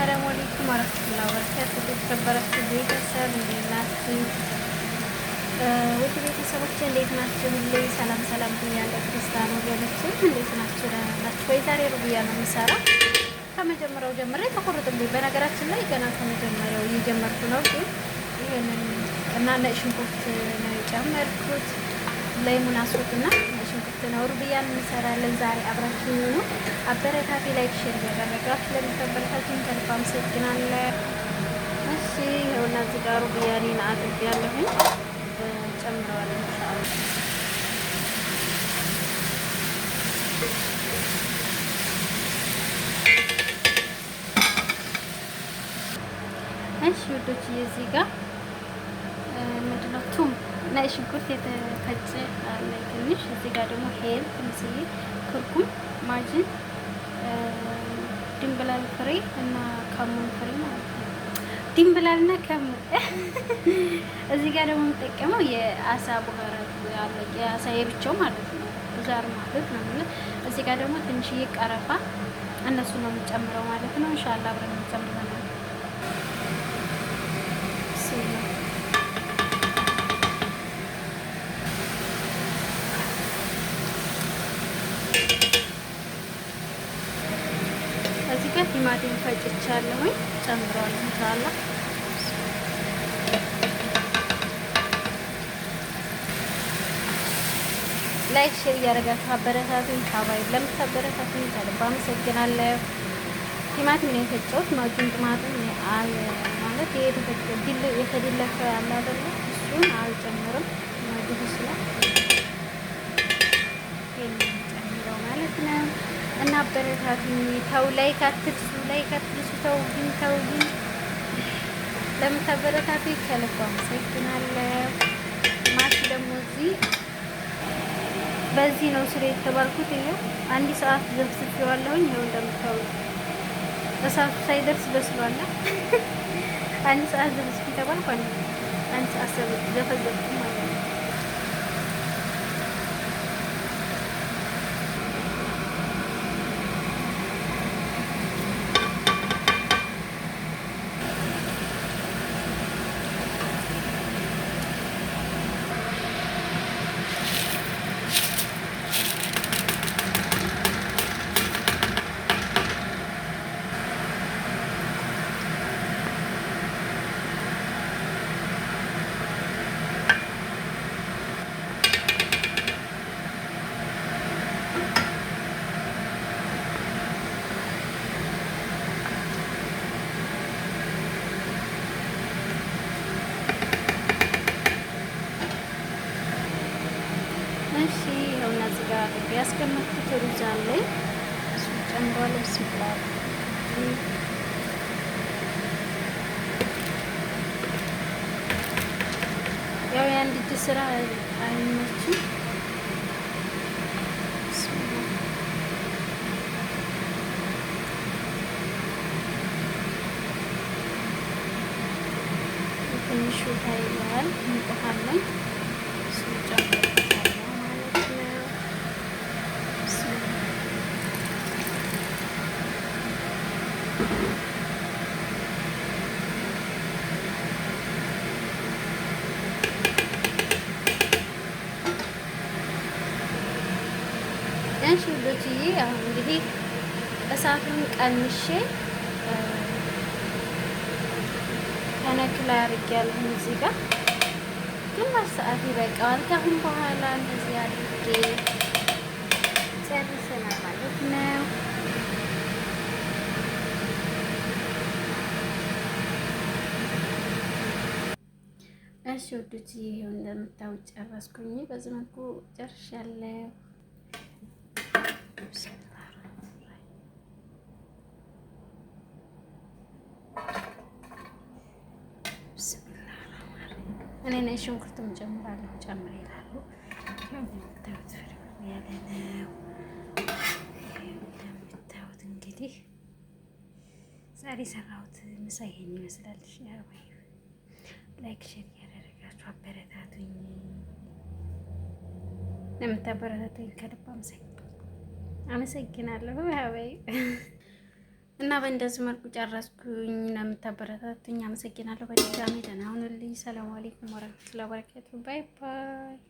አሰላሙ አለይኩም ወረህመቱላሂ ወበረካቱህ። የተከበራችሁ ቤተሰብ እንዴት ናችሁ? ውድ ቤተሰቦች እንዴት ናችሁ? ሁሌ ሰላም ሰላም ብያለሁ። ክርስቲያን ወገኖች እንዴት ናችሁ? ደህና ናችሁ ወይ? ዛሬ ሩብያ ነው የምሰራው። ከመጀመሪያው ጀምሬ ተቆርጥልኝ። በነገራችን ላይ ገና ከመጀመሪያው እየጀመርኩ ነው፣ ግን ይህንን እና ነጭ ሽንኩርት ነው የጨመርኩት ላይሙን አስኩትና ሽንኩርት ነው ሩብያን እንሰራለን ዛሬ አብራችሁ ሆኑ። አበረታፊ ላይክ ሼር እያደረጋችሁ ለምታበረታችሁን ከልብ አመሰግናለሁ። እሺ ይኸውና እዚህ ጋር ሩብያኔን አድርጌያለሁኝ ጨምረዋል ኢንሻአላህ እሺ ውዶች እዚህ ጋር ነጭ ሽንኩርት የተፈጨ አለ ትንሽ። እዚህ ጋር ደግሞ ሄል ትንሽዬ፣ ክርኩም፣ ማጅን፣ ድንብላል ፍሬ እና ከሙን ፍሬ ማለት ነው። ድንብላል እና ከሙን። እዚህ ጋር ደግሞ የምጠቀመው የአሳ ቡሀራት አለ፣ የአሳ የብቻው ማለት ነው። ዛር ማለት ነው። እዚህ ጋር ደግሞ ትንሽዬ ቀረፋ፣ እነሱ ነው የምጨምረው ማለት ነው። ኢንሻአላህ አብረን እንጨምራለን። መጀመሪያ ቲማቲም ፈጭቻለሁ፣ ጨምራለሁ ታላ ላይክ ሼር እያደረጋችሁ አበረታቱኝ። ካባይ ለምታበረታቱኝ ከልብ አመሰግናለሁ። ቲማቲም ነው የፈጨሁት። ማጁን ጥማቱን አል ማለት ይሄ የተፈጨ ድል የተደለፈ አለ አይደለ? እሱን አልጨምርም ማጁ ስለ አበረታቱኝ። ተው ላይክ አትርሱ፣ ላይክ አትርሱ። ተው ግን ተው ግን ለምታበረታቱ ከልብ አመሰግናለሁ። ማሽ ደግሞ እዚህ በዚህ ነው ስለ የተባልኩት። ይኸው አንድ ሰዓት ዘብስቼዋለሁኝ። ይኸው እንደምታውቁ እሳቱ ሳይደርስ በስሏል። አንድ ሰዓት ዘብስቼ ተባልኩ። አንድ ሰዓት ዘፈዘፍኩ። ያስቀመጥኩት ሩዝ አለኝ። እሱ ሲባል ያው የአንድ እጅ ስራ አይመችም። ትንሹ ታይለዋል እንቆሃለን እሺ ልጅዬ አሁን እንግዲህ እሳቱን ቀንሼ ተነክላ አድርጌያለሁ። እዚህ ጋር ግማሽ ሰዓት ይበቃዋል። ከአሁን በኋላ እንደዚህ አድርጌ ጨርሰናል ማለት ነው። እሺ ውዶች ይሄው እንደምታዩት ጨረስኩኝ። በዚህ መልኩ ጨርሻለሁ። እኔ ሽንኩርትም ጨምራለሁ ጨምር ይላሉ። እንደምታዩት ፍርም ያለ ነው። እንደምታዩት እንግዲህ ዛሬ ሰራሁት ምሳ ይሄን ይመስላል። ላይክ ሼር ያደረጋችሁ አበረታቱኝ። ለምታበረታቱኝ ከልብ አመሰግናለሁ። አመሰግናለሁ ሀበይ እና በእንደዚህ መልኩ ጨረስኩኝ። ለምታበረታቱኝ አመሰግናለሁ በድጋሚ። ደህና ሁኑልኝ። ሰላም አለይኩም ወረህመቱላሂ ወበረካቱሁ። ባይ ባይ